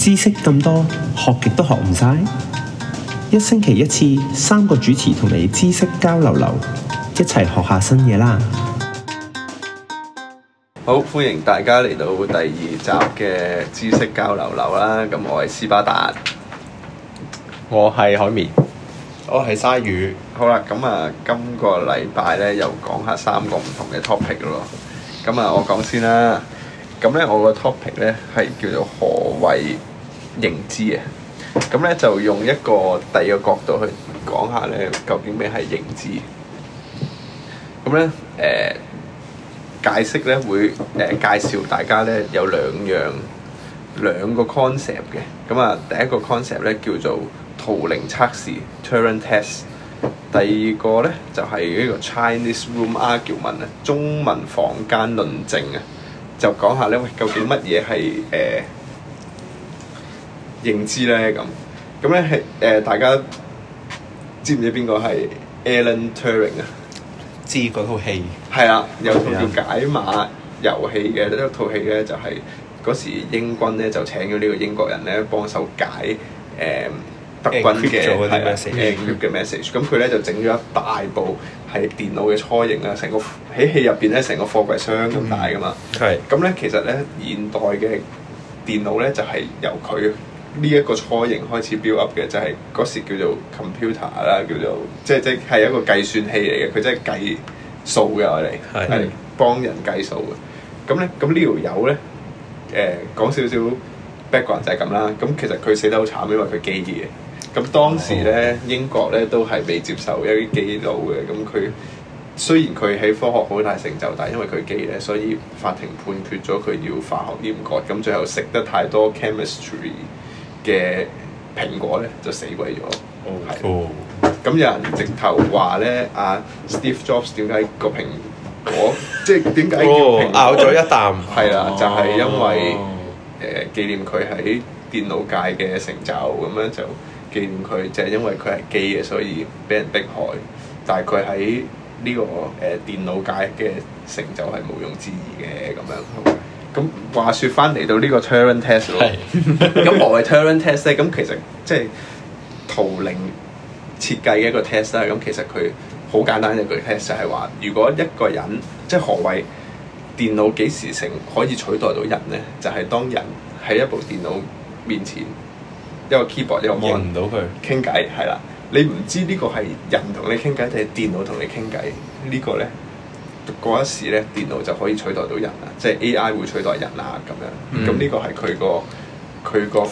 知識咁多，學極都學唔晒。一星期一次，三個主持同你知識交流流，一齊學下新嘢啦。好，歡迎大家嚟到第二集嘅知識交流流啦。咁我係斯巴達，我係海綿，我係鯊魚。好啦，咁啊，今個禮拜咧又講下三個唔同嘅 topic 咯。咁啊，我講先啦。咁咧，我個 topic 咧係叫做何謂認知啊，咁咧就用一個第二個角度去講下咧，究竟咩係認知？咁咧誒，解釋咧會誒介紹大家咧有兩樣兩個 concept 嘅，咁啊第一個 concept 咧叫做圖靈測試 （Turing Test），第二個咧就係呢個 Chinese Room Argument 啊，中文房間論證啊，就講下咧喂，究竟乜嘢係誒？認知咧咁，咁咧係誒大家知唔知邊個係 Alan Turing 啊？知嗰套戲係啦，有套叫解碼遊戲嘅，呢的一套戲咧就係、是、嗰時英軍咧就請咗呢個英國人咧幫手解誒德、嗯、軍嘅 e 嘅 message。咁佢咧就整咗一大部係電腦嘅初型啊，成個喺戲入邊咧成個貨櫃箱咁大㗎嘛。係咁咧，其實咧現代嘅電腦咧就係由佢。呢一個初型開始 build up 嘅就係、是、嗰時叫做 computer 啦，叫做即即係一個計算器嚟嘅，佢真係計數嘅，我哋嚟幫人計數嘅。咁咧，咁呢條友咧，誒講少少 background 就係咁啦。咁其實佢死得好慘，因為佢基記嘢。咁當時咧、嗯、英國咧都係未接受一啲基佬嘅，咁佢雖然佢喺科學好大成就，但因為佢記基咧，所以法庭判決咗佢要化學閹割。咁最後食得太多 chemistry。嘅蘋果咧就死鬼咗，係，咁、oh, oh。有人直頭話咧，阿、啊、Steve Jobs 點解個蘋果即係點解咬咗一啖？係啦，就係、是、因為誒、呃、紀念佢喺電腦界嘅成就，咁樣就紀念佢，就係、是、因為佢係機嘅，所以俾人逼害。但係佢喺呢個誒、呃、電腦界嘅成就係毋庸置疑嘅咁樣。咁話説翻嚟到呢個 Turing Test 咯是，咁何為 Turing Test 咧？咁其實即係圖靈設計嘅一個 test 咧。咁其實佢好簡單一句 test 就係話，如果一個人即係何為電腦幾時成可以取代到人咧？就係、是、當人喺一部電腦面前，一個 keyboard 一個 mon，認唔到佢傾偈係啦。你唔知呢個係人同你傾偈定係電腦同你傾偈、這個、呢個咧？過一時咧，電腦就可以取代到人啦，即係 AI 會取代人啦咁樣。咁呢、嗯、個係佢個佢個誒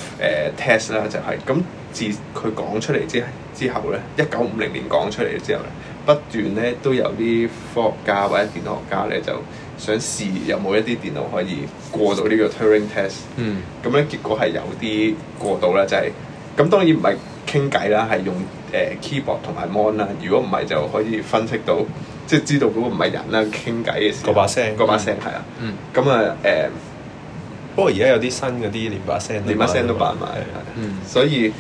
test 啦、就是，就係咁自佢講出嚟之之後咧，一九五零年講出嚟之後咧，不斷咧都有啲科學家或者電腦學家咧就想試有冇一啲電腦可以過到呢個 Turing test。咁咧、嗯、結果係有啲過度、就是、啦，就係咁當然唔係傾偈啦，係用誒 keyboard 同埋 mon 啦。如果唔係，就可以分析到。即係知道嗰個唔係人啦，傾偈嘅時候。個把聲，個把聲係啊。咁啊，誒，不過而家有啲新嗰啲連把聲，連把聲都扮埋。嗯。所以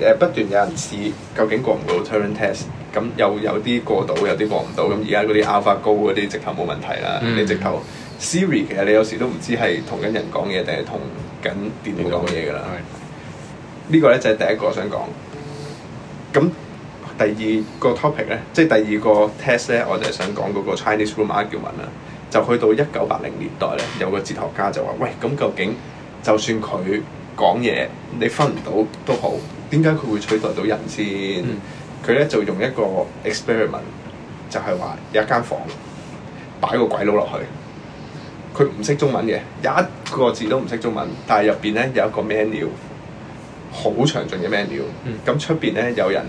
誒不斷有人試，究竟過唔到 Turing Test？咁又有啲過到，有啲過唔到。咁而家嗰啲 AlphaGo 嗰啲直頭冇問題啦。你直頭 Siri 其實你有時都唔知係同緊人講嘢定係同緊電腦講嘢㗎啦。呢個咧就係第一個想講。第二個 topic 咧，即係第二個 test 咧，我就係想講嗰個 Chinese room argument 啦。就去到一九八零年代咧，有個哲學家就話，喂，咁究竟就算佢講嘢，你分唔到都好，點解佢會取代到人先？佢咧、嗯、就用一個 experiment，就係話有一間房間，擺個鬼佬落去，佢唔識中文嘅，有一個字都唔識中文，但係入邊咧有一個 menu，好詳盡嘅 menu。咁出邊咧有人，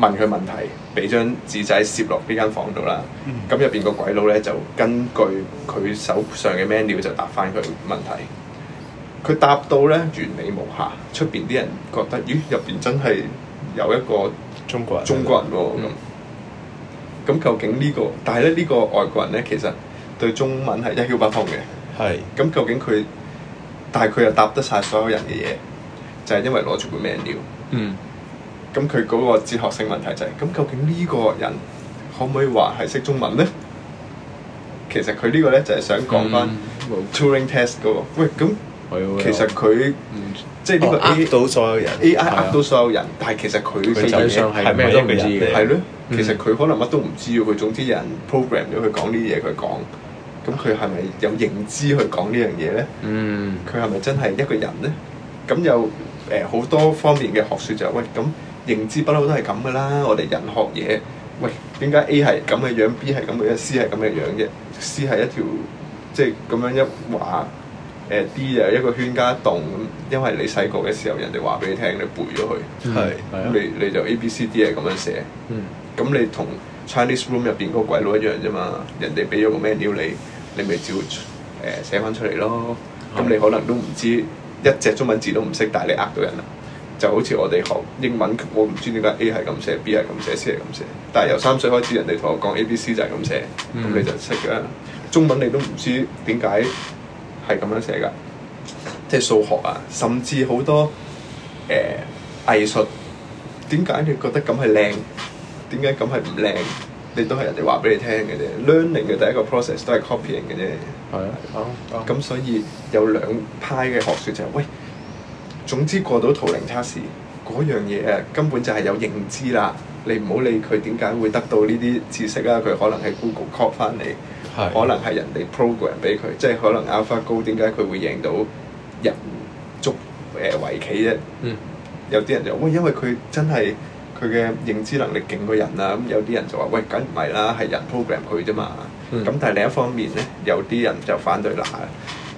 問佢問題，俾張紙仔攝落、嗯、呢間房度啦。咁入邊個鬼佬咧就根據佢手上嘅 menu 就答翻佢問題。佢答到咧完美無瑕，出邊啲人覺得咦，入邊真係有一個中國人、啊、中國人喎、啊。咁、嗯、究竟呢、呢個？但係咧呢個外國人咧，其實對中文係一竅不通嘅。係是。咁究竟佢，但係佢又答得晒所有人嘅嘢，就係、是、因為攞住個 menu 嗯。咁佢嗰個哲學性問題就係，咁究竟呢個人可唔可以話係識中文咧？其實佢呢個咧就係想講翻 Turing test 嗰個。喂，咁其實佢即係呢個 AI 呃到所有人，AI 呃到所有人，但係其實佢實際上係乜都唔知嘅，係咧。其實佢可能乜都唔知，佢總之有人 program 咗佢講呢啲嘢，佢講。咁佢係咪有認知去講呢樣嘢咧？嗯。佢係咪真係一個人咧？咁有誒好多方面嘅學説就係，喂，咁。認知不嬲都係咁噶啦，我哋人學嘢，喂，點解 A 係咁嘅樣，B 係咁嘅樣，C 係咁嘅樣啫，C 係一條即係咁樣一畫，誒 D 就係一個圈加一棟咁，因為你細個嘅時候人哋話俾你聽，你背咗佢，係、嗯，咁你你就 A B C D 係咁樣寫，咁、嗯、你同 Chinese room 入邊個鬼佬一樣啫嘛，人哋俾咗個 menu 你，你咪照誒寫翻出嚟咯，咁你可能都唔知一隻中文字都唔識，但係你呃到人啦。就好似我哋學英文，我唔知點解 A 係咁寫，B 係咁寫，C 係咁寫。但係由三歲開始，人哋同我講 A、B、C 就係咁寫，咁、嗯、你就識㗎喇。中文你都唔知點解係咁樣寫㗎，即係數學啊，甚至好多誒、呃、藝術，點解你覺得咁係靚？點解咁係唔靚？你都係人哋話俾你聽嘅啫。嗯、Learning 嘅第一個 process 都係 copying 嘅啫。係啊、嗯，咁、嗯、所以有兩派嘅學説就係、是、喂。總之過到圖靈測試嗰樣嘢誒，根本就係有認知啦。你唔好理佢點解會得到呢啲知識啦，佢可能係 Google cop 翻嚟，的可能係人哋 program 俾佢，即係可能 Alpha Go 點解佢會贏到人捉誒圍棋啫。嗯、有啲人就喂，因為佢真係佢嘅認知能力勁過人啦。咁、嗯、有啲人就話喂，梗唔係啦，係人 program 佢啫嘛。咁、嗯、但係另一方面咧，有啲人就反對啦。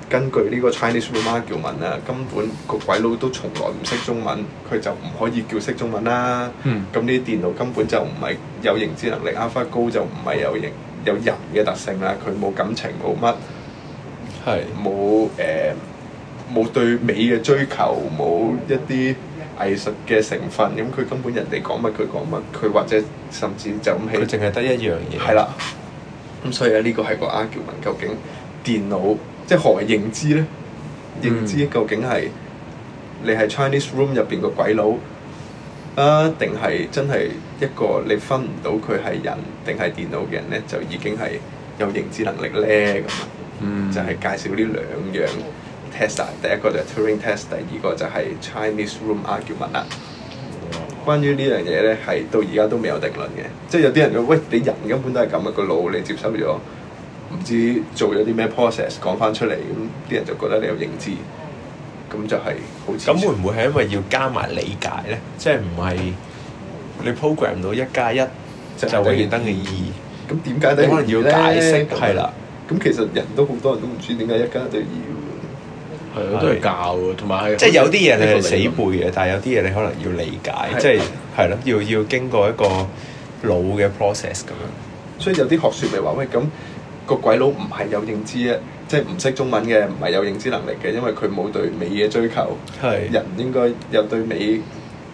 根據呢個 Chinese room argument 啊，根本個鬼佬都從來唔識中文，佢就唔可以叫識中文啦。咁呢啲電腦根本就唔係有認知能力，Alpha Go 就唔係有認有人嘅特性啦，佢冇感情，冇乜，係冇誒，冇、呃、對美嘅追求，冇一啲藝術嘅成分。咁佢根本人哋講乜佢講乜，佢或者甚至就咁起，佢淨係得一樣嘢。係啦的，咁所以呢個係個 argument，究竟電腦？即係何為認知呢？認知究竟係你係 Chinese Room 入邊個鬼佬啊，定係真係一個你分唔到佢係人定係電腦嘅人呢？就已經係有認知能力呢咁、嗯、就係介紹呢兩樣 test、啊、第一個就係 Turing test，第二個就係 Chinese Room argument、啊。關於呢樣嘢呢，係到而家都未有定論嘅。即係有啲人話：喂，你人根本都係咁啊，個腦你接收咗。唔知做咗啲咩 process，講翻出嚟，咁啲人就覺得你有認知，咁就係好。咁會唔會係因為要加埋理解咧？即係唔係你 program 到一加一就永遠等於二？咁點解咧？你可能要解釋係啦。咁麼樣其實人都好多人都唔知點解一加一就要喎。啊，對對都係教同埋即係有啲嘢你係死背嘅，問但係有啲嘢你可能要理解，即係係啦，要要經過一個老嘅 process 咁樣。所以有啲學説咪話喂咁。喂個鬼佬唔係有認知嘅，即係唔識中文嘅，唔係有認知能力嘅，因為佢冇對美嘅追求。係是人應該有對美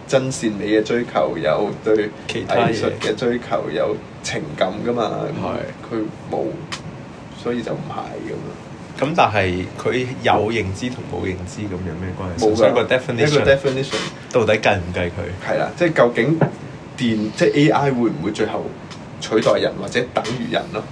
真善美嘅追求，有對藝術嘅追求，有情感噶嘛。係佢冇，所以就唔係咁咯。咁但係佢有認知同冇認知，咁有咩關係？冇嘅。一個 definition, 一個 definition 到底計唔計佢？係啦，即係究竟電即係 A.I. 會唔會最後取代人或者等於人咯？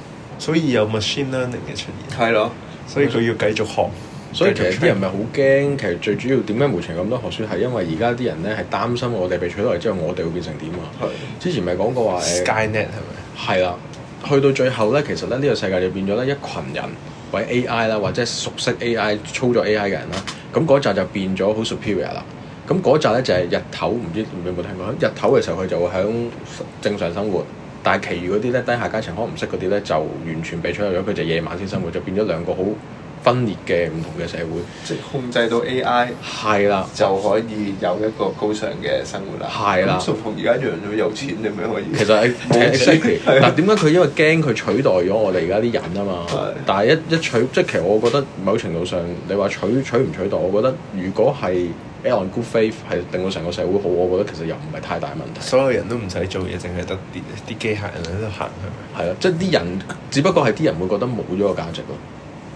所以有 machine learning 嘅出現，係咯的，所以佢要繼續學。所以其實啲續人咪好驚。其實最主要點解無窮咁多學説，係因為而家啲人咧係擔心我哋被取代之後，我哋會變成點啊？的之前咪講過話 sky net 係咪？係啦，去到最後咧，其實咧呢、這個世界就變咗咧一群人，或者 AI 啦，或者熟悉 AI 操作 AI 嘅人啦，咁嗰集就變咗好 superior 啦。咁嗰集咧就係、是、日頭，唔知你有冇聽過？日頭嘅時候佢就會喺正常生活。但係，其餘嗰啲咧，低下階層，可能唔識嗰啲咧，就完全被取代咗。佢就夜晚先生活，就變咗兩個好分裂嘅唔同嘅社會。即係控制到 AI 係啦的，就可以有一個高尚嘅生活啦。係啦的，而家一樣有錢咁樣可以。其實 exactly, 的但我點解佢因為驚佢取代咗我哋而家啲人啊嘛？的但係一一取，即係其實我覺得某程度上，你話取取唔取代，我覺得如果係。Elon good faith，係令到成個社會好，我覺得其實又唔係太大問題。所有人都唔使做嘢，淨係得啲啲機械人喺度行係咪？係啦，即係啲人，只不過係啲人會覺得冇咗個價值咯。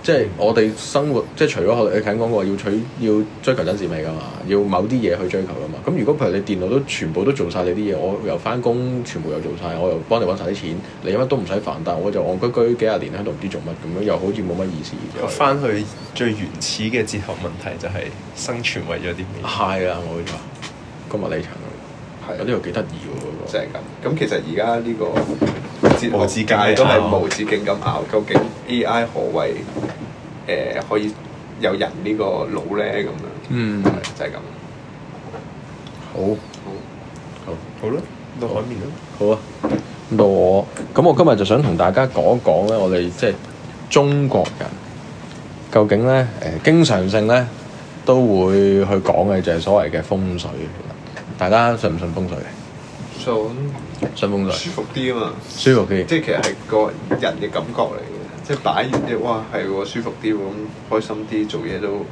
即係我哋生活，即係除咗我，你頭先講過要取要追求真善美㗎嘛，要某啲嘢去追求㗎嘛。咁如果譬如你電腦都全部都做晒你啲嘢，我又翻工全部又做晒，我又幫你搵晒啲錢，你乜都唔使煩，但係我就戇居居幾廿年喺度唔知做乜，咁樣又好似冇乜意思。翻去最原始嘅哲學問題就係生存為咗啲咩？係啊，我冇錯，物質層。係啊的，呢度幾得意喎。正咁。咁其實而家呢個無止界都係無止境咁拗。究竟？A.I. 何謂誒可以有人呢個腦咧？咁樣嗯，就係咁。好，好，好，好啦，到海面啦。好啊，咁到我咁，我今日就想同大家講一講咧，我哋即係中國人究竟咧誒經常性咧都會去講嘅就係所謂嘅風水。大家信唔信風水？信，信風水，舒服啲啊嘛，舒服啲，即係其實係個人嘅感覺嚟。即係擺完啲，哇係喎舒服啲喎，咁開心啲，做嘢都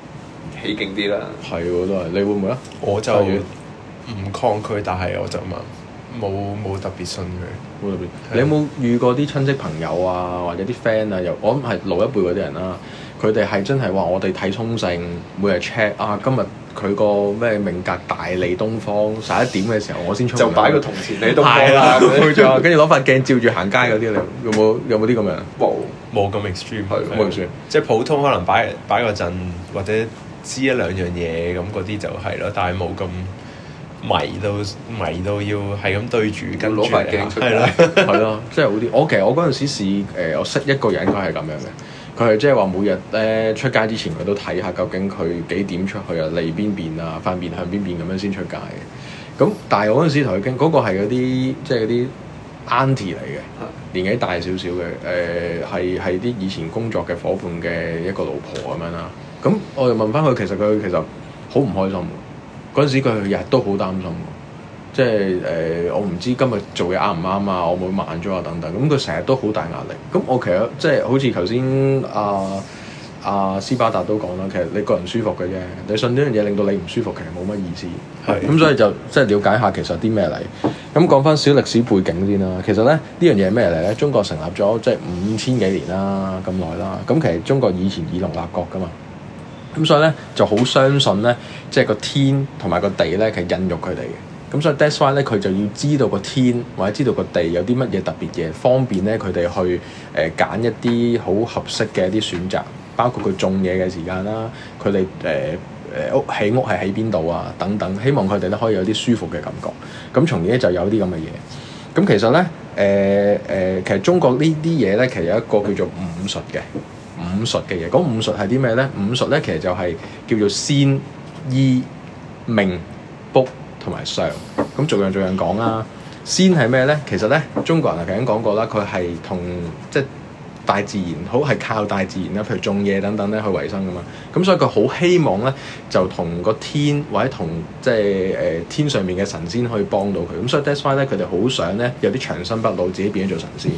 起勁啲啦。係喎都係，你會唔會啊？我就唔抗拒，但係我就問冇冇、嗯、特別信佢。冇特別。的你有冇遇過啲親戚朋友啊，或者啲 friend 啊？又我諗係老一輩嗰啲人啦、啊，佢哋係真係話我哋睇沖繩，每日 check 啊，今日佢個咩名格大利東方十一點嘅時候，我先沖。就擺個同事 你度、啊，係啦， 跟住攞塊鏡照住行街嗰啲，你有冇有冇啲咁樣？有冇咁 extreme，冇咁算，即係普通可能擺擺個陣或者知一兩樣嘢咁嗰啲就係咯，但係冇咁迷到迷到要係咁對住跟攞埋鏡出嚟，係咯，真係好啲。我其實我嗰陣時試誒，我識一個人佢係咁樣嘅，佢係即係話每日咧出街之前佢都睇下究竟佢幾點出去啊，嚟邊邊啊，翻面向邊邊咁樣先出街嘅。咁但係我嗰陣時同佢傾嗰個係嗰啲即係嗰啲 aunty 嚟嘅。年紀大少少嘅，誒係係啲以前工作嘅伙伴嘅一個老婆咁樣啦。咁我又問翻佢，其實佢其實好唔開心嘅。嗰陣時佢日日都好擔心嘅，即係誒、呃、我唔知今日做嘢啱唔啱啊，我會唔會慢咗啊等等。咁佢成日都好大壓力。咁我其實即係好似頭先啊。呃阿、啊、斯巴達都講啦，其實你個人舒服嘅啫。你信呢樣嘢令到你唔舒服，其實冇乜意思。咁的，所以就即係了解下其實啲咩嚟。咁講翻小歷史背景先啦。其實咧呢樣嘢係咩嚟咧？中國成立咗即係五千幾年啦，咁耐啦。咁其實中國以前以農立國噶嘛，咁所以咧就好相信咧，即係個天同埋個地咧，其實孕育佢哋嘅。咁所以 That's why 咧，佢就要知道個天或者知道個地有啲乜嘢特別嘢，方便咧佢哋去誒揀、呃、一啲好合適嘅一啲選擇。包括佢種嘢嘅時間啦，佢哋誒誒屋起屋係喺邊度啊等等，希望佢哋咧可以有啲舒服嘅感覺。咁從而咧就有啲咁嘅嘢。咁其實咧誒誒，其實中國呢啲嘢咧其實有一個叫做五術嘅五術嘅嘢。講五術係啲咩咧？五術咧其實就係叫做先、醫、命、卜同埋相。咁逐樣逐樣講啦，「先」係咩咧？其實咧中國人啊曾經講過啦，佢係同即係，就是大自然好係靠大自然咧，譬如種嘢等等咧去維生噶嘛，咁所以佢好希望咧就同個天或者同即係誒天上面嘅神仙可以幫到佢，咁所以 that's why 咧佢哋好想咧有啲長生不老，自己變咗做神仙。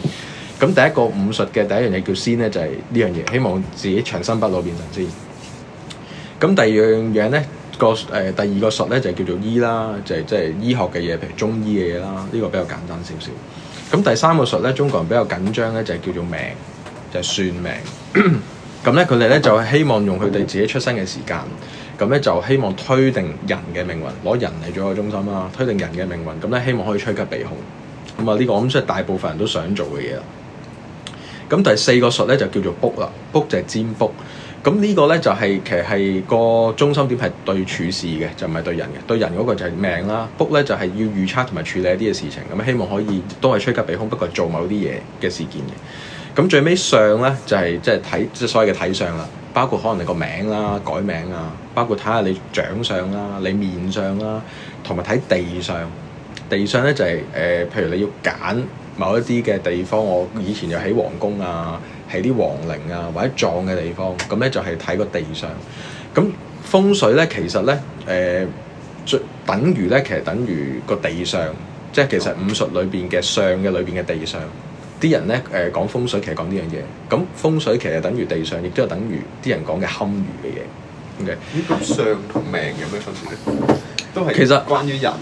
咁第一個五術嘅第一樣嘢叫仙咧，就係呢樣嘢，希望自己長生不老變神仙。咁第二樣嘢咧個誒、呃、第二個術咧就叫做醫啦，就係即係醫學嘅嘢，譬如中醫嘅嘢啦，呢、呢個比較簡單少少。咁第三個術咧，中國人比較緊張咧就係叫做命。就算命，咁咧佢哋咧就希望用佢哋自己出生嘅時間，咁咧 就希望推定人嘅命運，攞 人嚟做個中心啦，推定人嘅命運，咁咧希望可以趨吉避凶。咁啊呢個咁即係大部分人都想做嘅嘢啦。咁第四個術咧就叫做卜啦，卜 就係占卜。咁呢個咧就係、是、其實係個中心點係對處事嘅，就唔係對人嘅。對人嗰個就係命啦，卜咧就係、是、要預測同埋處理一啲嘅事情，咁希望可以都係趨吉避凶，不，不過做某啲嘢嘅事件嘅。咁最尾相咧就係即係睇即係所謂嘅睇相啦，包括可能你個名啦，改名啊，包括睇下你掌相啦、你面相啦，同埋睇地上。地上咧就係、是、誒、呃，譬如你要揀某一啲嘅地方，我以前又喺皇宮啊，喺啲皇陵啊或者葬嘅地方，咁咧就係睇個地上。咁風水咧其實咧誒、呃，等於咧其實等於個地上，即係其實五術裏邊嘅相嘅裏邊嘅地上。啲人咧誒講風水，其實講呢樣嘢。咁風水其實等於地上，亦都係等於啲人講嘅堪輿嘅嘢，OK？呢個相同命有咩分別？都係其實關於人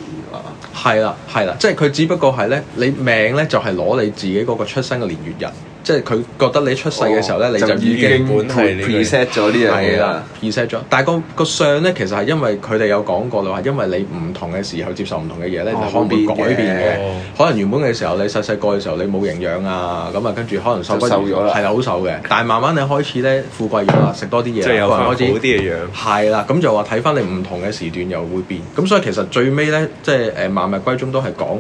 係啦，係啦，即係佢只不過係咧，你命咧就係攞你自己嗰個出生嘅年月日。即係佢覺得你出世嘅時候咧，oh, 你就已經 preset 咗呢樣嘢啦。set 咗，但係個個相咧，其實係因為佢哋有講過啦，話因為你唔同嘅時候接受唔同嘅嘢咧，可、oh, 會，會改變嘅。Oh. 可能原本嘅時候，你細細個嘅時候你冇營養啊，咁啊跟住可能瘦咗，係啦好瘦嘅。但係慢慢你開始咧富貴咗，食多啲嘢，即係又發胖啲嘅樣。係啦，咁就話睇翻你唔同嘅時段又會變。咁所以其實最尾咧，即係誒萬物歸宗都係講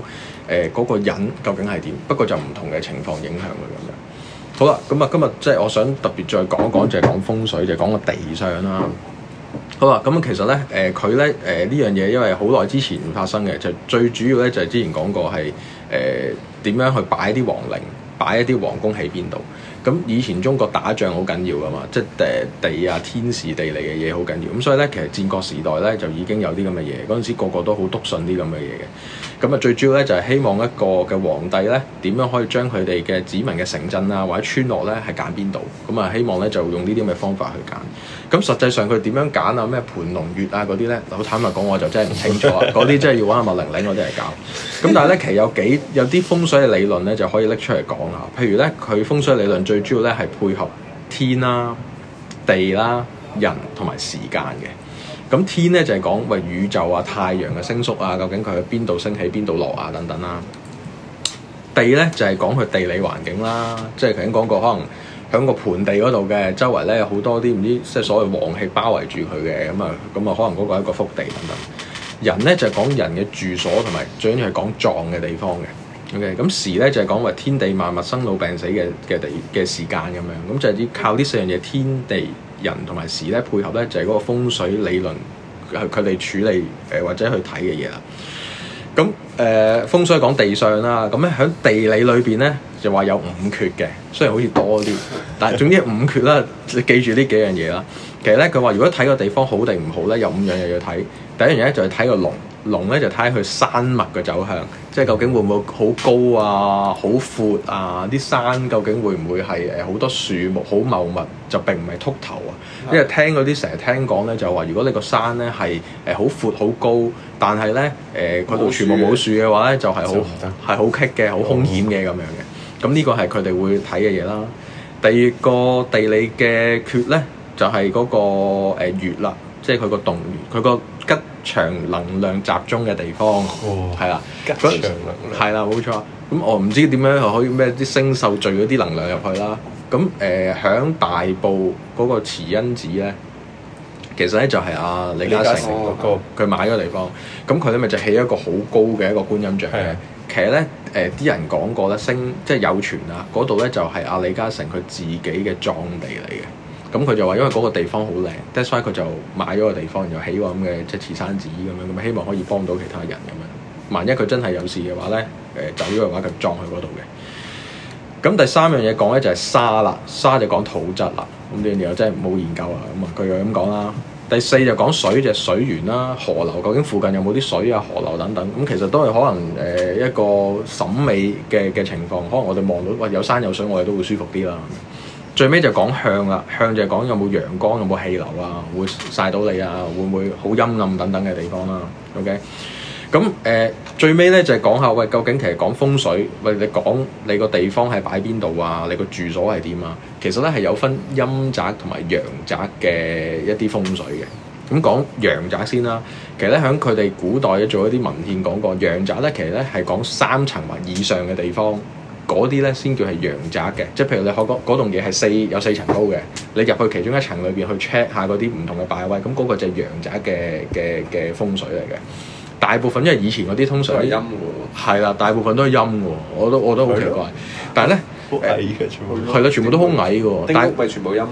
誒嗰個人究竟係點。不過就唔同嘅情況影響。好啦，咁啊，今日即係我想特別再講一講，就係、是、講風水，就講、是、個地上啦。好啦，咁其實咧，誒、呃，佢咧，誒、呃，呢樣嘢因為好耐之前發生嘅，就最主要咧就係之前講過係，誒、呃，點樣去擺啲皇陵，擺一啲皇宮喺邊度。咁以前中國打仗好緊要㗎嘛，即係地啊天時地利嘅嘢好緊要，咁所以咧其實戰國時代咧就已經有啲咁嘅嘢，嗰陣時個個都好篤信啲咁嘅嘢嘅，咁啊最主要咧就係、是、希望一個嘅皇帝咧點樣可以將佢哋嘅子民嘅城鎮啊或者村落咧係揀邊度，咁啊希望咧就用呢啲咁嘅方法去揀，咁實際上佢點樣揀啊咩盤龍穴啊嗰啲咧，好坦白講我就真係唔清楚、啊，嗰啲 真係要揾下麥玲玲嗰啲嚟搞，咁但係咧其實有幾有啲風水嘅理論咧就可以拎出嚟講啊，譬如咧佢風水理論最最主要咧係配合天啦、地啦、人同埋時間嘅。咁天咧就係、是、講喂宇宙啊、太陽嘅星宿啊，究竟佢喺邊度升起、邊度落啊等等啦。地咧就係、是、講佢地理環境啦，即係頭先講過，可能喺個盆地嗰度嘅，周圍咧好多啲唔知即係所謂旺氣包圍住佢嘅，咁啊咁啊，可能嗰個係一個福地等等。人咧就係、是、講人嘅住所同埋最緊要係講葬嘅地方嘅。咁、okay，時咧就係講話天地萬物生老病死嘅嘅地嘅時間咁樣，咁就係要靠呢四樣嘢天地人同埋時咧配合咧，就係、是、嗰個風水理論，佢哋處理誒、呃、或者去睇嘅嘢啦。咁誒、呃、風水講地上啦，咁咧喺地理裏邊咧就話有五缺嘅，雖然好似多啲，但係總之五缺啦，你 記住呢幾樣嘢啦。其實咧佢話如果睇個地方好定唔好咧，有五樣嘢要睇。第一樣嘢咧就係、是、睇個龍，龍咧就睇、是、佢山脈嘅走向。即係究竟會唔會好高啊、好闊啊？啲山究竟會唔會係誒好多樹木好茂密？就並唔係禿頭啊！因為聽嗰啲成日聽講咧，就係話如果你個山咧係誒好闊好高，但係咧誒佢度全部冇樹嘅話咧，就係好係好棘嘅、好凶險嘅咁樣嘅。咁呢個係佢哋會睇嘅嘢啦。第二個地理嘅缺咧，就係嗰個穴啦，即係佢個洞佢個。長能量集中嘅地方，係啦、哦，長的能、嗯、能量係啦，冇錯。咁我唔知點樣可以咩啲星獸聚嗰啲能量入去啦。咁誒喺大埔嗰個慈恩寺咧，其實咧就係、是、阿、啊、李嘉誠佢買嗰個地方。咁佢咧咪就起一個好高嘅一個觀音像。的其實咧誒啲人講過咧，星即係有傳啦，嗰度咧就係阿、啊、李嘉誠佢自己嘅葬地嚟嘅。咁佢就話，因為嗰個地方好靚，即係佢就買咗個地方，然後起個咁嘅即係瓷山子咁樣，咁希望可以幫到其他人咁樣。萬一佢真係有事嘅話咧，誒、呃，就呢樣話就撞去嗰度嘅。咁第三樣嘢講咧就係、是、沙啦，沙就講土質啦。咁你哋又真係冇研究啊？咁啊，佢又咁講啦。第四就講水，就水源啦，河流究竟附近有冇啲水啊，河流等等。咁、嗯、其實都係可能誒、呃、一個審美嘅嘅情況。可能我哋望到哇，有山有水，我哋都會舒服啲啦。最尾就講向啦，向就係講有冇陽光，有冇氣流啊，會曬到你啊，會唔會好陰暗等等嘅地方啦。OK，咁誒、呃、最尾咧就係講下，喂，究竟其實講風水，喂，你講你個地方係擺邊度啊，你個住所係點啊？其實咧係有分陰宅同埋陽宅嘅一啲風水嘅。咁講陽宅先啦，其實咧喺佢哋古代做一啲文獻講過，陽宅咧其實咧係講三層或以上嘅地方。嗰啲咧先叫係陽宅嘅，即係譬如你可嗰棟嘢係四有四層高嘅，你入去其中一層裏邊去 check 下嗰啲唔同嘅擺位，咁、那、嗰個就係陽宅嘅嘅嘅風水嚟嘅。大部分因為以前嗰啲通常係陰喎，係啦，大部分都係陰喎，我都我都好奇怪。的但係咧，係咯，全部都好矮嘅喎，但係咪全部陰咯？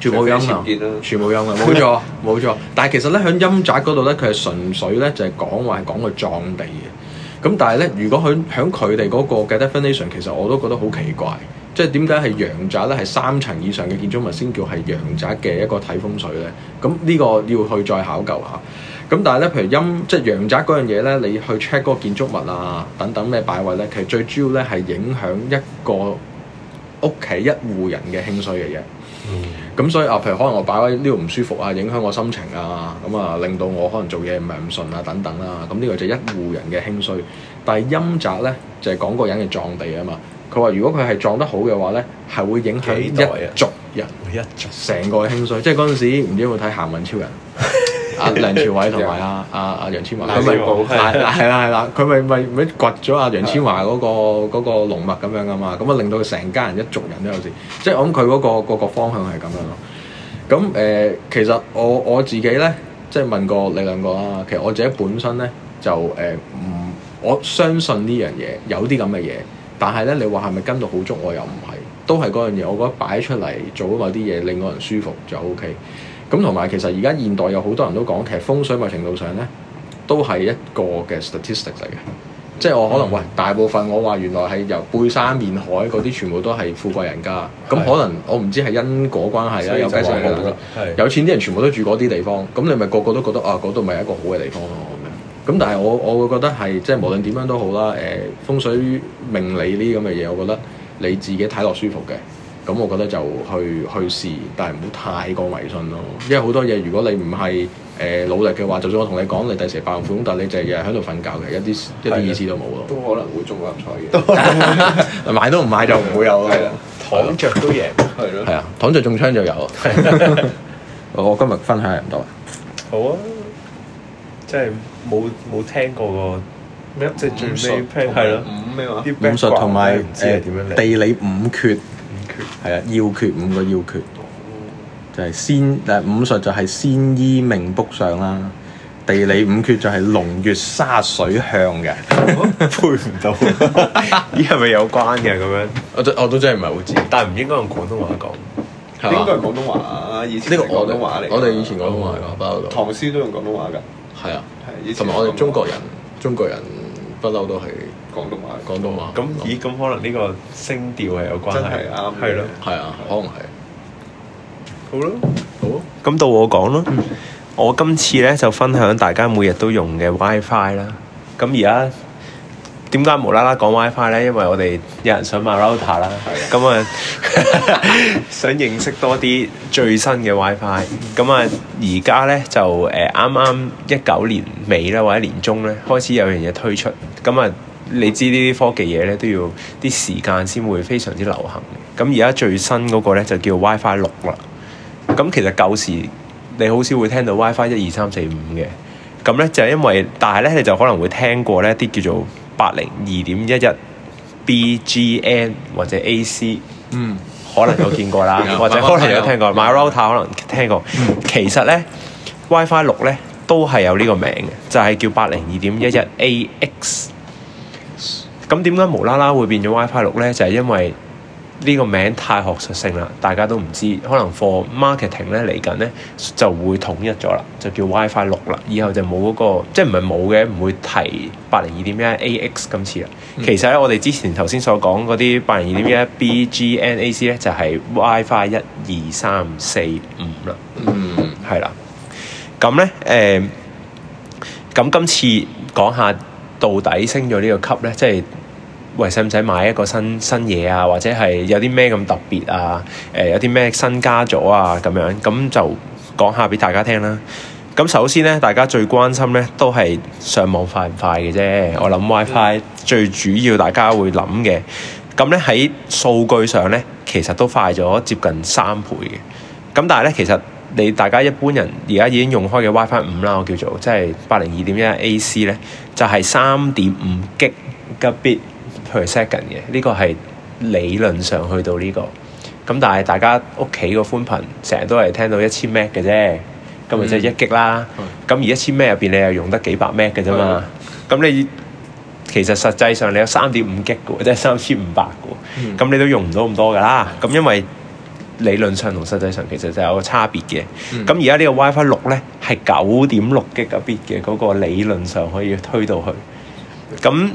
全部陰啊！全部陰啊！冇錯冇錯，但係其實咧喺陰宅嗰度咧，佢係純粹咧就係講話係講佢葬地嘅。咁但係咧，如果佢喺佢哋嗰個嘅 definition，其實我都覺得好奇怪，即係點解係陽宅咧係三層以上嘅建築物先叫係陽宅嘅一個睇風水咧？咁呢個要去再考究下。咁但係咧，譬如陰即係陽宅嗰樣嘢咧，你去 check 嗰個建築物啊等等咩擺位咧，其實最主要咧係影響一個屋企一戶人嘅興衰嘅嘢。嗯咁所以啊，譬如可能我擺喺呢度唔舒服啊，影響我心情啊，咁啊令到我可能做嘢唔係咁順啊等等啦、啊，咁、啊、呢、這個就係一戶人嘅興衰。但係陰宅咧就係、是、講個人嘅撞地啊嘛。佢話如果佢係撞得好嘅話咧，係會影響一族人，一族成個興衰。 即係嗰陣時唔知有冇睇《行運超人》。 阿、啊、梁朝偉同埋阿阿阿楊千嬅，咁咪係啦係啦係啦，佢咪咪咪掘咗阿楊千嬅嗰、嗰個嗰、啊、個龍脈咁樣噶嘛，咁啊令到佢成家人一族人都有事，即、就、係、是、我諗佢嗰個方向係咁樣咯。咁、嗯、誒，其實我我自己咧，即係問過你兩個啦。其實我自己本身咧就誒唔、嗯、我相信呢樣嘢，有啲咁嘅嘢。但係咧，你話係咪跟到好足，我又唔係，都係嗰樣嘢。我覺得，我覺得擺出嚟做某啲嘢，令個人舒服就 OK。咁同埋，其實而家現代有好多人都講，其實風水某程度上咧，都係一個嘅 statistic 嚟嘅。即係我可能喂，大部分我話原來係由背山面海嗰啲，全部都係富貴人家。咁可能我唔知係因果關係啦、啊，有有錢啲人全部都住嗰啲地方，咁你咪個個都覺得啊，嗰度咪一個好嘅地方咯。咁但係我我會覺得係，即係無論點樣都好啦。誒、呃，風水命理呢啲咁嘅嘢，我覺得你自己睇落舒服嘅。咁我覺得就去去試，但係唔好太過迷信咯。因為好多嘢，如果你唔係誒努力嘅話，就算我同你講你第時爆富，但係你淨係日日喺度瞓覺嘅，其實一啲一啲意思都冇咯。都可能會中六合彩嘅，買都唔買就唔會有啦。係啊，躺着都贏，係咯，係啊，躺着中槍就有。我今日分享唔多好啊，即係冇冇聽過個咩即係最尾，係咯，五咩話？五術同埋唔知係點樣嚟地理五缺。係啊，要訣五個要訣，就係、是、先誒五術就係先醫命卜上啦，地理五訣就係龍穴沙水向嘅，配唔 到，咦，係咪有關嘅咁樣？我我都真係唔係好知，但係唔應該用廣東話講，應該係廣東話吧以前廣東話嚟，我哋以前廣東話講包到。唐詩都用廣東話㗎，係啊的，同埋我哋中國人中國人不嬲都係。廣東話，廣東話咁咦？咁可能呢個聲調係有關係，真係啱係咯，係啊，可能係好咯，好，咁到我講咯。我今次咧就分享大家每日都用嘅 WiFi 啦。咁而家點解無啦啦講 WiFi 咧？因為我哋有人想買 router 啦，咁啊想認識多啲最新嘅 WiFi。咁啊，而家咧就誒啱啱一九年尾啦，或者年中咧開始有樣嘢推出，咁啊。你知呢啲科技嘢咧都要啲時間先會非常之流行。咁而家最新嗰個咧就叫 Wi-Fi 六啦。咁其實舊時你好少會聽到 Wi-Fi 一二三四五嘅。咁咧就係因為，但係咧你就可能會聽過咧啲叫做八零二點一一 BGN 或者 AC。嗯，可能有見過啦， 有或者可能有聽過。買 router 可能聽過，嗯、其實咧 Wi-Fi 六咧都係有呢個名嘅，就係、是、叫八零二點一一 AX。咁點解無啦啦會變咗 WiFi 六咧？就係、是、因為呢個名太學術性啦，大家都唔知。可能 for marketing 咧嚟緊咧就會統一咗啦，就叫 WiFi 六啦。以後就冇嗰、那個，即係唔係冇嘅，唔會提八零二點一 AX 今次啦。其實咧，我哋之前頭先所講嗰啲八零二點一 BGNAC 咧，就係 WiFi 一二三四五啦。嗯，係、呃、啦。咁咧，誒，咁今次講下。到底升咗呢個級呢？即係喂，使唔使買一個新新嘢啊？或者係有啲咩咁特別啊？誒，有啲咩新加咗啊？咁樣咁就講下俾大家聽啦。咁首先呢，大家最關心呢都係上網快唔快嘅啫。我諗 Wi-Fi 最主要大家會諗嘅。咁呢喺數據上呢，其實都快咗接近三倍嘅。咁但係呢，其實。你大家一般人而家已經用開嘅 WiFi 五啦，5，我叫做即係八零二點一 AC 咧，就係三點五 G 吉 bit per second 嘅。呢個係理論上去到呢、呢個，咁但係大家屋企個寬頻成日都係聽到一千 Mbps 嘅啫，咁咪即係一吉啦。咁、mm hmm. 而一千 Mbps 入邊，你又用得幾百 Mbps 嘅啫嘛？咁、mm hmm. 你其實實際上你有三點五 G 嘅，即係三千五百嘅，咁、mm hmm. 你都用唔到咁多噶啦。咁因為理論上同實際上其實就有個差別嘅，咁而家呢個 WiFi 六呢，係九點六 g bit 嘅，嗰個理論上可以推到去，咁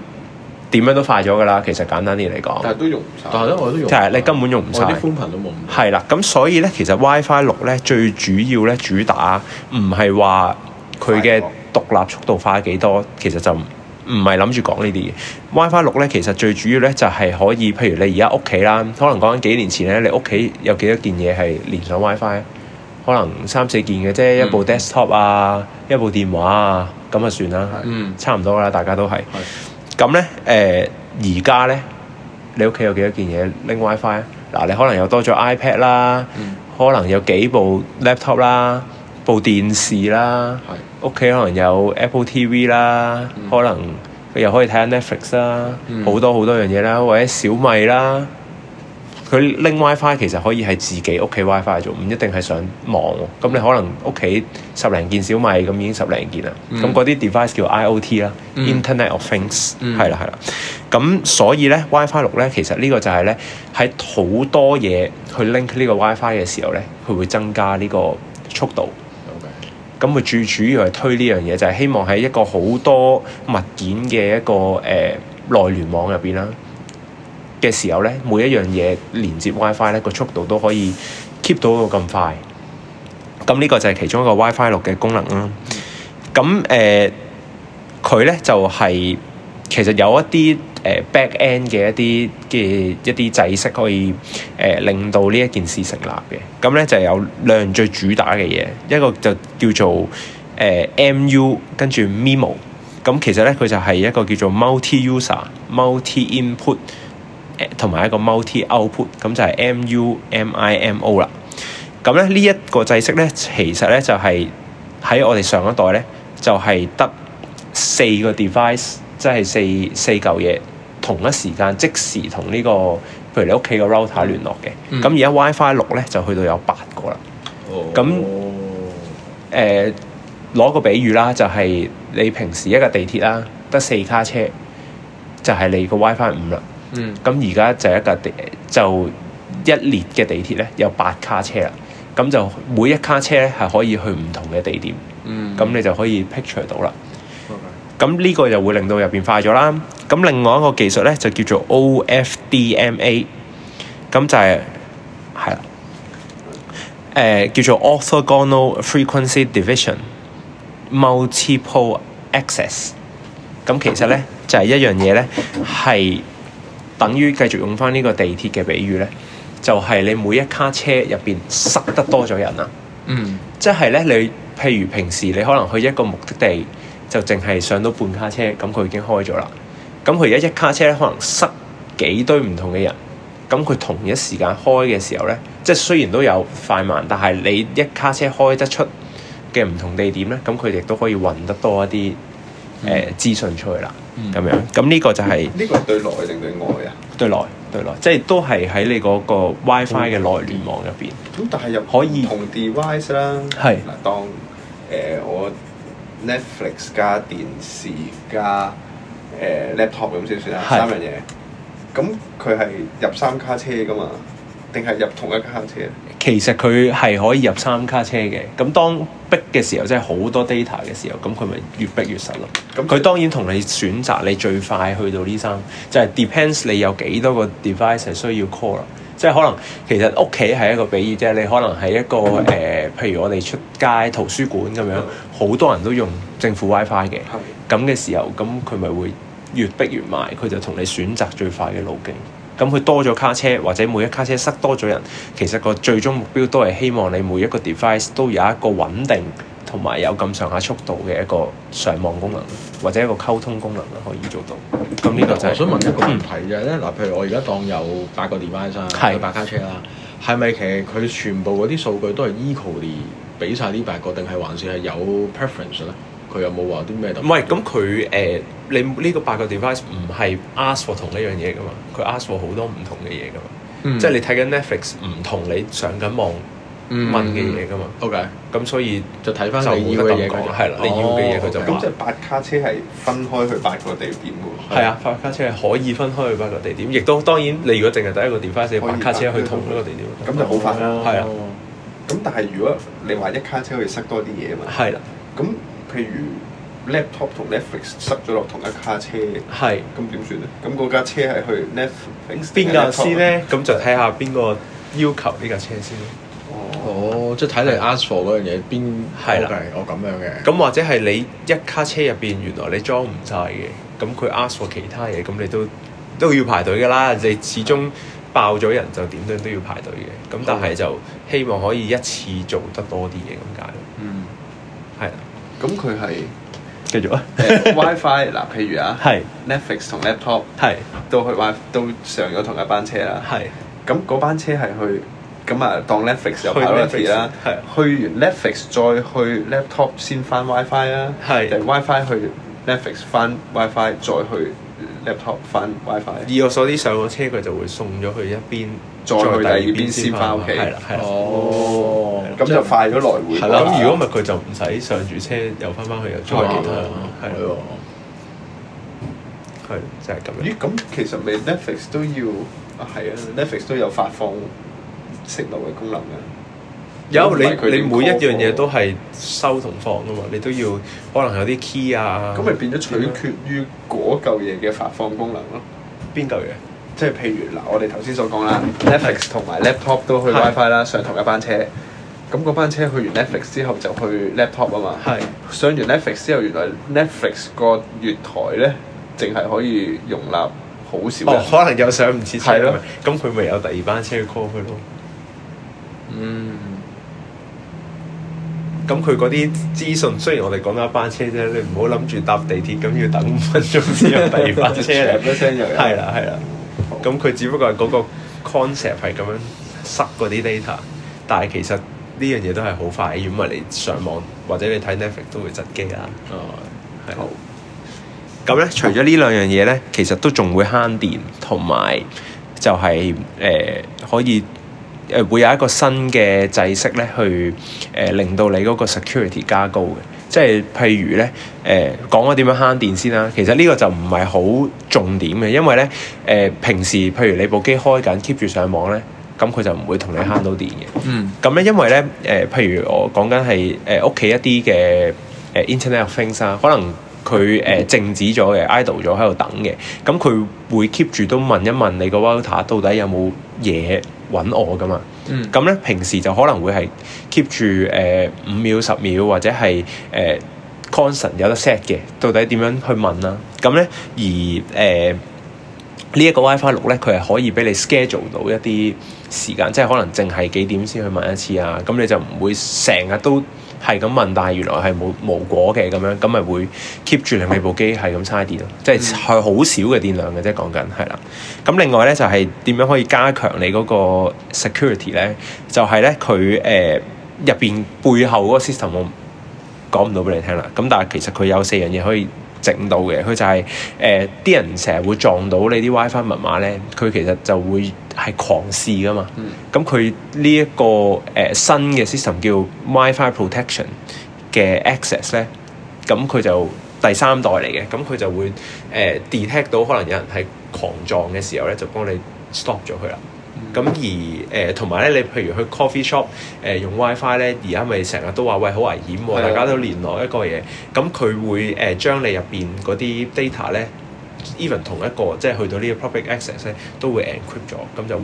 點樣都快咗噶啦。其實簡單啲嚟講，但係都用唔晒，但係呢我都用唔晒，就係你根本用唔晒。我啲寬頻都冇咁。係啦，咁所以呢，其實 WiFi 六呢，最主要呢主打唔係話佢嘅獨立速度快幾多，其實就。唔係諗住講呢啲嘢。WiFi 六咧，其實最主要咧，就係可以，譬如你而家屋企啦，可能講緊幾年前咧，你屋企有幾多件嘢係連上 WiFi？可能三四件嘅啫，嗯、一部 desktop 啊，一部電話啊，咁啊算啦，是嗯，差唔多啦，大家都係。咁咧誒，而家咧，你屋企有幾多件嘢拎 WiFi？嗱、啊，你可能有多咗 iPad 啦，嗯、可能有幾部 laptop 啦。部電視啦，屋企的可能有 Apple TV 啦，嗯、可能又可以睇下 Netflix 啦，好、嗯、多好多樣嘢啦，或者小米啦，佢 link WiFi 其實可以係自己屋企 WiFi 做，唔一定係上網。咁、嗯、你可能屋企十零件小米咁已經十零件、嗯、那那啦，咁嗰啲 device 叫 IoT 啦，Internet of Things，係啦係啦。咁所以呢 WiFi 六呢，其實呢個就係呢，喺好多嘢去 link 呢個 WiFi 嘅時候呢，佢會增加呢個速度。咁佢最主要係推呢樣嘢，就係、是、希望喺一個好多物件嘅一個誒、呃、內聯網入邊啦嘅時候咧，每一樣嘢連接 WiFi 咧，個速度都可以 keep 到個咁快。咁呢個就係其中一個 WiFi 六嘅功能啦。咁誒，佢、呃、咧就係、是、其實有一啲。誒 back end 嘅一啲嘅一啲制式可以誒、呃、令到呢一件事成立嘅，咁咧就有兩樣最主打嘅嘢，一個就叫做誒、呃、MU，跟住 MIMO，咁其實咧佢就係一個叫做 multi user multi input 同埋一個 multi output，咁就係 MU MIMO 啦。咁咧呢一、這個制式咧，其實咧就係、是、喺我哋上一代咧，就係、是、得四個 device，即係四四舊嘢。同一時間即時同呢個，譬如你屋企個 router 聯絡嘅。咁而家 WiFi 六咧就去到有八個啦。咁誒攞個比喻啦，就係你平時一架地鐵啦，得四卡車，就係你個 WiFi 五啦。咁而家就一架地就一列嘅地鐵咧有八卡車啦。咁就每一卡車咧係可以去唔同嘅地點。咁你就可以 picture 到啦。咁呢個就會令到入邊快咗啦。咁另外一個技術咧就叫做 OFDMA，咁就係係啦，誒叫做 Orthogonal Frequency Division Multiple Access。咁其實咧就係一樣嘢咧，係等於繼續用翻呢個地鐵嘅比喻咧，就係你每一卡車入邊塞得多咗人啊。嗯，即係咧，你譬如平時你可能去一個目的地。就淨係上到半卡車，咁佢已經開咗啦。咁佢而家一卡車咧，可能塞幾堆唔同嘅人。咁佢同一時間開嘅時候咧，即係雖然都有快慢，但係你一卡車開得出嘅唔同地點咧，咁佢亦都可以運得多一啲誒、嗯呃、資訊出去啦。咁樣，咁呢個就係呢個係對內定對外啊？對內，對內，即、就、係、是、都係喺你嗰個 WiFi 嘅內聯網入邊。咁但係又可以同 device 啦。係嗱、啊，當誒、呃、我。Netflix 加電視加誒、呃、laptop 咁先算啦，的三樣嘢。咁佢係入三卡車噶嘛？定係入同一卡車咧？其實佢係可以入三卡車嘅。咁當逼嘅時候，即係好多 data 嘅時候，咁佢咪越逼越實咯。咁佢、就是、當然同你選擇你最快去到呢三，就係、是、depends 你有幾多個 device 需要 call 啦。即係可能，其實屋企係一個比喻即啫，你可能係一個誒、呃，譬如我哋出街圖書館咁樣。嗯好多人都用政府 WiFi 嘅，咁嘅的時候，咁佢咪會越逼越埋，佢就同你選擇最快嘅路徑。咁佢多咗卡車，或者每一卡車塞多咗人，其實個最終目標都係希望你每一個 device 都有一個穩定同埋有咁上下速度嘅一個上網功能，或者一個溝通功能啦，可以做到。咁呢、嗯、個就我想問一個問題嘅，咧嗱、嗯，譬如我而家當有八個 device 啦的，八卡車啦，係咪其實佢全部嗰啲數據都係 equally？俾曬呢八個定係還是係有 preference 咧？佢有冇話啲咩？唔係咁佢誒，你呢、這個八個 device 唔係 ask for 同一樣嘢噶嘛？佢 ask for 好多唔同嘅嘢噶嘛？嗯、即係你睇緊 Netflix 唔同你上緊網問嘅嘢噶嘛？O K，咁所以就睇翻你要嘅嘢，係啦，哦、對你要嘅嘢佢就話咁。即係八架車係分開去八個地點喎。係啊，八架車係可以分開去八個地點，亦都當然你如果淨係得一個 device 你八架車去同一個地點，咁就好快啦。係啊。 咁但係如果你話一卡車可以塞多啲嘢啊嘛，係啦的。咁譬如 laptop 同 Netflix 塞咗落同一卡車，係的。咁點算咧？咁嗰架車係去 Netflix 邊架先咧？咁就睇下邊個要求呢架車先。哦，哦哦即係睇你 ask for 嗰樣嘢邊？係啦，我咁樣嘅。咁或者係你一卡車入邊原來你裝唔晒嘅，咁佢 ask for 其他嘢，咁你都都要排隊噶啦，你始終。爆咗人就點樣都要排隊嘅，咁但係就希望可以一次做得多啲嘢。咁解咯。嗯，係的。咁佢係繼續啊。 呃、WiFi 嗱、呃，譬如啊，係 Netflix 同 laptop 係都去 Wi 都上咗同一班車啦。係的。咁嗰班車係去咁啊，當 Netflix 又排咗次啦。係。去完 Netflix 再去 laptop 先翻 WiFi 啦。係、啊。的 WiFi 去 Netflix 翻 WiFi 再去。入套翻 WiFi，二我所啲上個車佢就會送咗去一邊，再去第二邊先翻屋企。係啦，係啦，哦、oh, 的，咁就快咗來回。係啦，咁如果唔係佢就唔使上住車又翻翻去又再行啦。係咯，係就係、是、咁樣。咦，咁其實咪 Netflix 都要係啊，Netflix 都有發放 signal 嘅功能㗎。有你你每一樣嘢都係收同放㗎嘛？你都要可能有啲 key 啊。咁咪 變咗取決於嗰嚿嘢嘅發放功能咯。邊嚿嘢？即係譬如嗱，我哋頭先所講啦 是，Netflix 同埋 laptop 都去 WiFi 啦，是上同一班車。咁嗰班車去完 Netflix 之後就去 laptop 啊嘛。係是。上完 Netflix 之後，原來 Netflix 個月台咧，淨係可以容納好少。哦，可能又上唔切係咯，咁佢咪有第二班車去 call 佢咯。嗯。咁佢嗰啲資訊雖然我哋講緊班車啫，你唔好諗住搭地鐵咁要等五分鐘先有第二班車嚟，一聲又係啦係啦。咁佢好只不過係嗰個 concept 係咁樣塞嗰啲 data，但係其實呢樣嘢都係好快，如果唔係你上網或者你睇 Netflix 都會窒機啦。哦、嗯，係好。咁咧，除咗呢兩樣嘢咧，其實都仲會慳電，同埋就係、是、誒、呃、可以。誒會有一個新嘅制式咧，去誒、呃、令到你嗰個 security 加高嘅，即係譬如咧誒，講緊點樣慳電先啦。其實呢個就唔係好重點嘅，因為咧誒、呃、平時譬如你部機開緊 keep 住上網咧，咁佢就唔會同你慳到電嘅。嗯，咁咧因為咧誒、呃、譬如我講緊係誒屋企一啲嘅誒 Internet of Things 啊，可能佢誒靜止咗嘅 idle 咗喺度等嘅，咁佢會 keep 住都問一問你個 water 到底有冇嘢揾我噶嘛？咁咧、嗯，平時就可能會係 keep 住誒五、呃、秒、十秒或者係誒、呃、constant 有得 set 嘅，到底點樣去問啦、啊？咁咧，而誒、呃這個、呢一個 Wi-Fi 6咧，佢係可以畀你 schedule 到一啲時間，即係可能淨係幾點先去問一次啊？咁你就唔會成日都。係咁問，但係原來係冇冇，冇果嘅咁樣，咁咪會 keep 住你部機係咁嘥電咯，即係佢好少嘅電量嘅，即係講緊係啦。咁另外咧就係點樣可以加強你嗰個 security 咧？就係咧佢誒入邊背後嗰個 system 我講唔到俾你聽啦。咁但係其實佢有四樣嘢可以。整到嘅，佢就係誒啲人成日會撞到你啲 WiFi 密碼咧，佢其實就會係狂試噶嘛。咁佢、嗯這個呃、呢一個誒新嘅 system 叫 WiFi Protection 嘅 Access 咧，咁佢就第三代嚟嘅。咁佢就會誒、呃、detect 到可能有人係狂撞嘅時候咧，就幫你 stop 咗佢啦。咁而誒同埋咧，你譬如去 coffee shop 誒用 WiFi 咧，而家咪成日都話喂好危險喎，的大家都連落一個嘢，咁佢會誒、呃、將你入邊嗰啲 data 咧，even 同一個即係去到呢個 public access 咧，都會 encrypt 咗，咁就會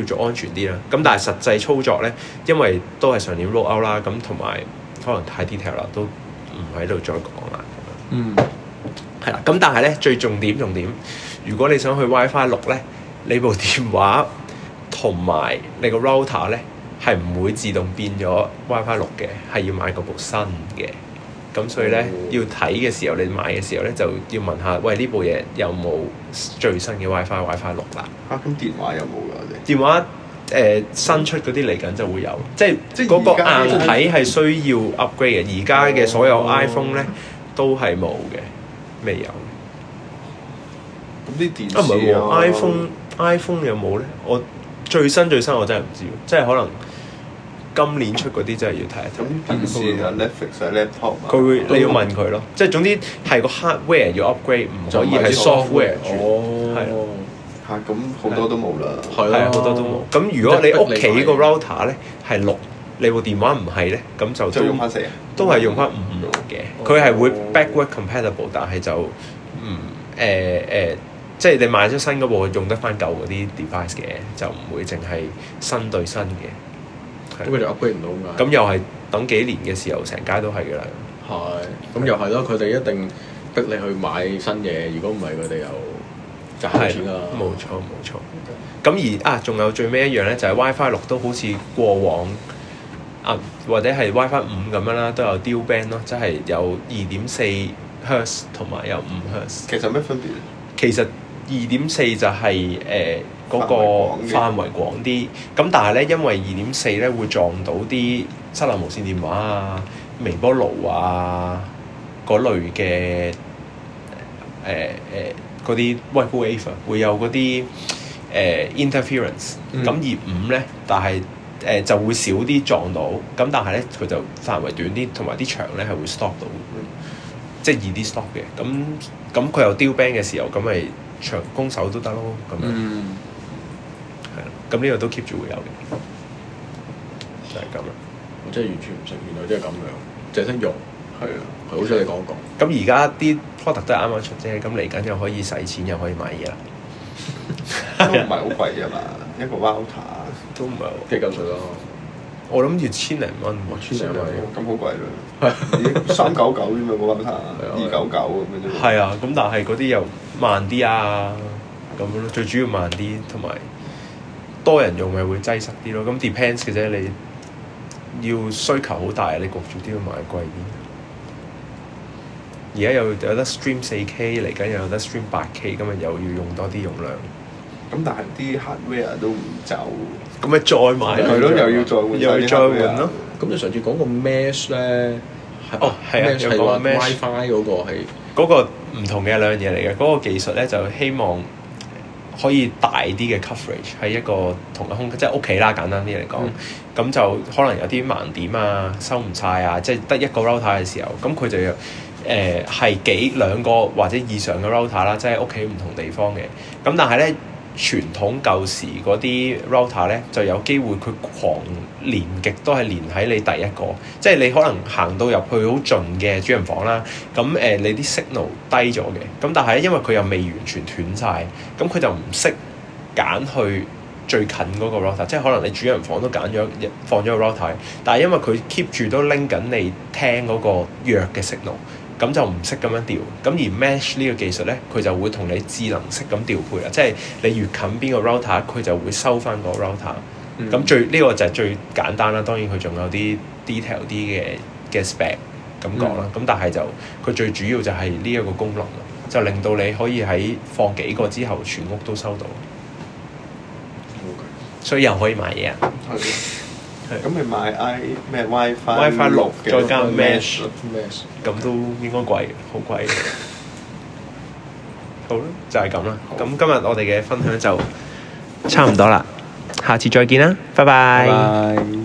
叫做安全啲啦。咁但係實際操作咧，因為都係上年 roll out 啦，咁同埋可能太 detail 啦，都唔喺度再講啦。咁嗯，係啦、嗯。咁但係咧最重點重點，如果你想去 WiFi 六咧，你部電話。 同埋你個 router 咧係唔會自動變咗 WiFi 六嘅，係要買嗰部新嘅。咁所以咧、嗯、要睇嘅時候，你買嘅時候咧就要問下，喂呢部嘢有冇最新嘅 WiFi WiFi 六啦？Fi，啊，咁電話有冇噶？電話誒、呃、新出嗰啲嚟緊就會有，即係嗰個硬體係需要 upgrade 嘅。而家嘅所有 iPhone 咧、哦、都係冇嘅，未有。咁啲電啊唔係喎，iPhone iPhone 有冇咧？我最新最新我真係唔知，即係可能今年出嗰啲真係要睇。咁電視啊，Netflix 啊 Netflix 佢會，你要問佢咯。即係總之係個 hardware 要 upgrade，唔可以係 software 轉。哦，嚇，咁好多都冇啦，係啊，好多都冇。咁如果你屋企個 router 咧係六，你部電話唔係咧，咁就用翻四都係用翻五嘅。佢係會 backward compatible，但係就唔誒誒。即係你買咗新嗰部，用得翻舊嗰啲 device 嘅，就唔會淨係新對新嘅。咁佢哋 upgrade 唔到㗎。咁又係等幾年嘅時候，成街都係㗎啦。係，咁又係咯，佢哋一定逼你去買新嘢。如果唔係，佢哋又賺錢啦。冇錯冇錯。咁而啊，仲有最尾一樣咧，就係、是、WiFi 六都好似過往啊，或者係 WiFi 五咁樣啦，都有 dual band 咯，即係有二點四 Hz 同埋有五 Hz，其實有咩分別？其實。二點四就係誒嗰個範圍廣啲，咁但係咧，因為二點四咧會撞到啲室內無線電話啊、微波爐啊嗰類嘅誒誒嗰啲，喂、呃呃啊，會有嗰啲誒 interference。咁二五咧，但係誒、呃、就會少啲撞到，咁但係咧佢就範圍短啲，同埋啲牆咧係會 stop 到，嗯、即係易啲 stop 嘅。咁咁佢有丟 band 嘅時候，咁咪、就是。長攻手都得咯，咁樣係啦，咁呢個都 keep 住會有嘅，就係咁啦。我真係完全唔識，原來真係咁樣，淨係識用係啊，好似你講過。咁而家啲 product 都係啱啱出啫，咁嚟緊又可以使錢，又可以買嘢啦。都唔係好貴啊嘛，一個 router 都唔係幾夠水咯。我諗住千零蚊，千零蚊咁好貴咯。三九九啫嘛個 router，二九九咁樣啫。係啊，咁但係嗰啲又～慢啲啊，咁樣咯，最主要慢啲，同埋多人用咪會擠塞啲咯。咁 depends 嘅啫，你要需求好大，你焗住都要買貴啲。而家又，又有得 stream 四 K，嚟緊又有得 stream 八 K，咁咪又要用多啲容量。咁但係啲 hardware 都唔走。咁咪再買佢、啊、咯，嗯、要又要再換、啊，又要再換咯、啊。咁你上次講個 mesh 咧，哦係、哦、mesh 啊，有講 WiFi 嗰個係嗰、嗰個。唔同嘅兩樣嘢嚟嘅，嗰、那個技術咧就希望可以大啲嘅 coverage 喺一個同一個空間，即係屋企啦，簡單啲嚟講，咁、嗯、就可能有啲盲點啊，收唔晒啊，即係得一個 router 嘅時候，咁佢就要誒係、呃、幾兩個或者以上嘅 router 啦，即係屋企唔同地方嘅，咁但係咧。傳統舊時嗰啲 router 咧，就有機會佢狂連極都係連喺你第一個，即係你可能行到入去好盡嘅主人房啦，咁誒、呃、你啲 signal 低咗嘅，咁但係因為佢又未完全斷晒，咁佢就唔識揀去最近嗰個 router，即係可能你主人房都揀咗放咗個 router，但係因為佢 keep 住都拎緊你聽嗰個弱嘅 signal。咁就唔識咁樣調，咁而 Mesh 呢個技術呢，佢就會同你智能式咁調配啊！即係你越近邊個 router，佢就會收翻個 router。咁、嗯、最呢、這個就最簡單啦。當然佢仲有啲 detail 啲嘅嘅 spec 咁講啦。咁、嗯、但係就佢最主要就係呢一個功能，就令到你可以喺放幾個之後，全屋都收到。嗯、所以又可以買嘢啊！ 咁咪買 i 咩 WiFi？WiFi 六再加 Mesh，咁都應該貴，貴 好貴。好啦，就係咁啦。咁好今日我哋嘅分享就 差唔多啦，下次再見啦，拜拜。Bye bye。